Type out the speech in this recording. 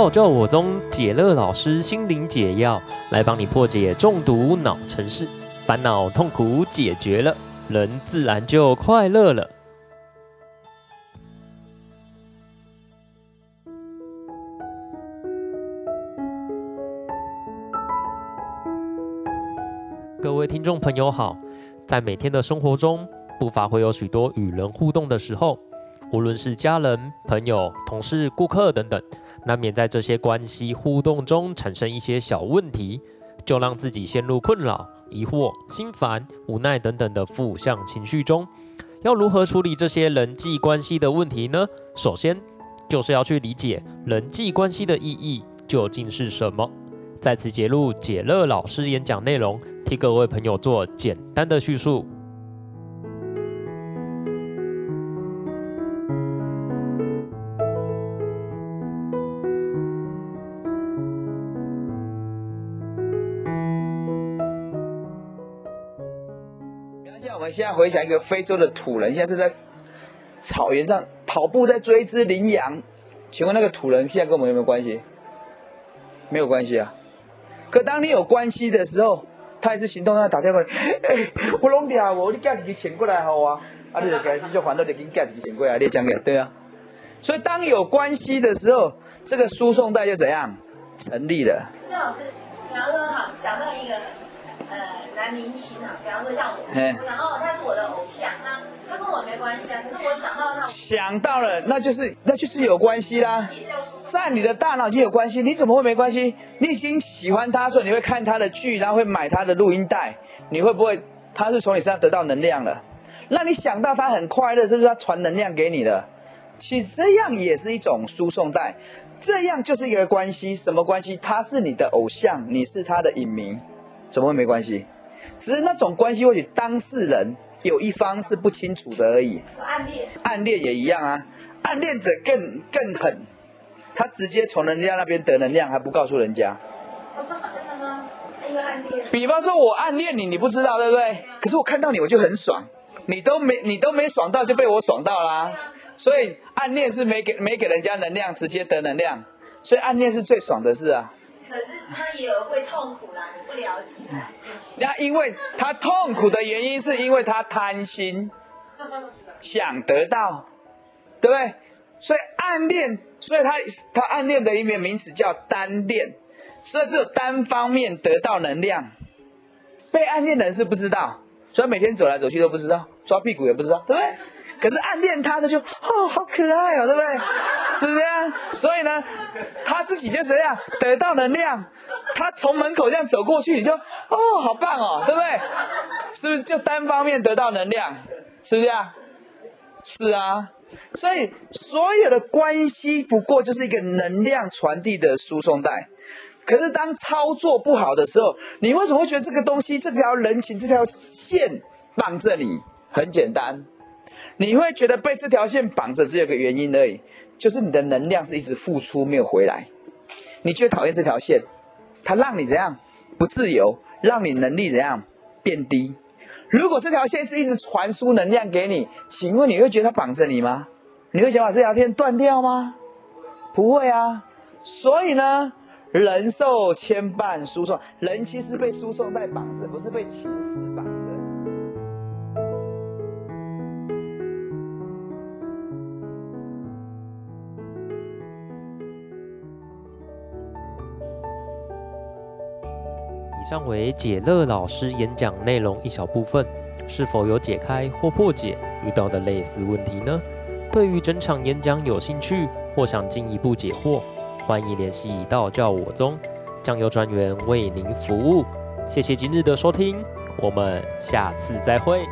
道教我宗解樂老師心靈解藥來幫你破解中毒腦塵世，煩惱痛苦解決了，人自然就快樂了。各位聽眾朋友好，在每天的生活中，不乏會有許多與人互動的時候，無論是家人、朋友、同事、顧客等等。難免在這些關係互動中產生一些小問題，就讓自己陷入困擾、疑惑、心煩、無奈等等的負向情緒中。要如何處理這些人際關係的問題呢？首先，就是要去理解人際關係的意義究竟是什麼。在此節錄解樂老師演講內容，替各位朋友做簡單的敘述。現在回想，一個非洲的土人，現在正在草原上跑步，在追隻羚羊，請問那個土人現在跟我們有沒有關係？沒有關係啊。可當你有關係的時候，他還是行動上來打電話來，欸，我攏嗲我， 啊、你寄幾個錢過來好啊啊，你有關係就還到你，給你寄幾個錢過來，你講給對啊。所以當有關係的時候，這個輸送帶就怎樣成立了？鄭老師，你要說好想到一個。呃，男明星啊，比方說像我，嘿然後他是我的偶像，他他跟我沒關係啊，可是我想到他，想到了那就是那就是有關係啦，在你的大腦就有關係，對你怎麼會沒關係？你已經喜歡他，所以你會看他的劇，然後會買他的錄音帶，你會不會他是從你身上得到能量了？那你想到他很快樂，這，就是他傳能量給你的，其實這樣也是一種輸送帶，這樣就是一個關係，什麼關係？他是你的偶像，你是他的影迷。怎麼會沒關係？只是那種關係，或許當事人有一方是不清楚的而已。暗戀，暗戀也一樣啊。暗戀者更更狠，他直接從人家那邊得能量，還不告訴人家。真的嗎？因為暗戀。比方說我暗戀你，你不知道，對不對？可是我看到你，我就很爽。你都沒你都沒爽到，就被我爽到啦。所以暗戀是沒給沒給人家能量，直接得能量。所以暗戀是最爽的事啊。可是他也有會痛苦啦，你不了解、啊。那、嗯啊、因為他痛苦的原因是因為他貪心，想得到，對不對？所以暗戀，所以他他暗戀的一名名詞叫單戀，所以只有單方面得到能量。被暗戀的人是不知道，所以每天走來走去都不知道，抓屁股也不知道，對不對？ 可是暗戀他他就哦，好可愛哦，對不對？是不是啊？所以呢，他自己就是這樣得到能量。他從門口這樣走過去，你就哦，好棒哦，對不對？是不是就單方面得到能量？是不是啊？是啊。所以所有的關係不過就是一個能量傳遞的輸送帶。可是當操作不好的時候，你為什麼會覺得這個東西、這條人情、這條線綁著你？很簡單，你會覺得被這條線綁着，只有一個原因而已。就是你的能量是一直付出沒有回來，你就討厭這條線，它讓你怎樣不自由，讓你能力怎樣變低。如果這條線是一直傳輸能量給你，請問你會覺得它綁着你嗎？你會想把這條線斷掉嗎？不會啊。所以呢，人受牽絆輸送，人其實被輸送帶綁着，不是被情絲綁着。以上為解樂老師演講內容一小部分，是否有解開或破解遇到的類似問題呢？對於整場演講有興趣或想進一步解惑，歡迎聯繫道教我宗，將有專員為您服務。謝謝今日的收聽，我們下次再會。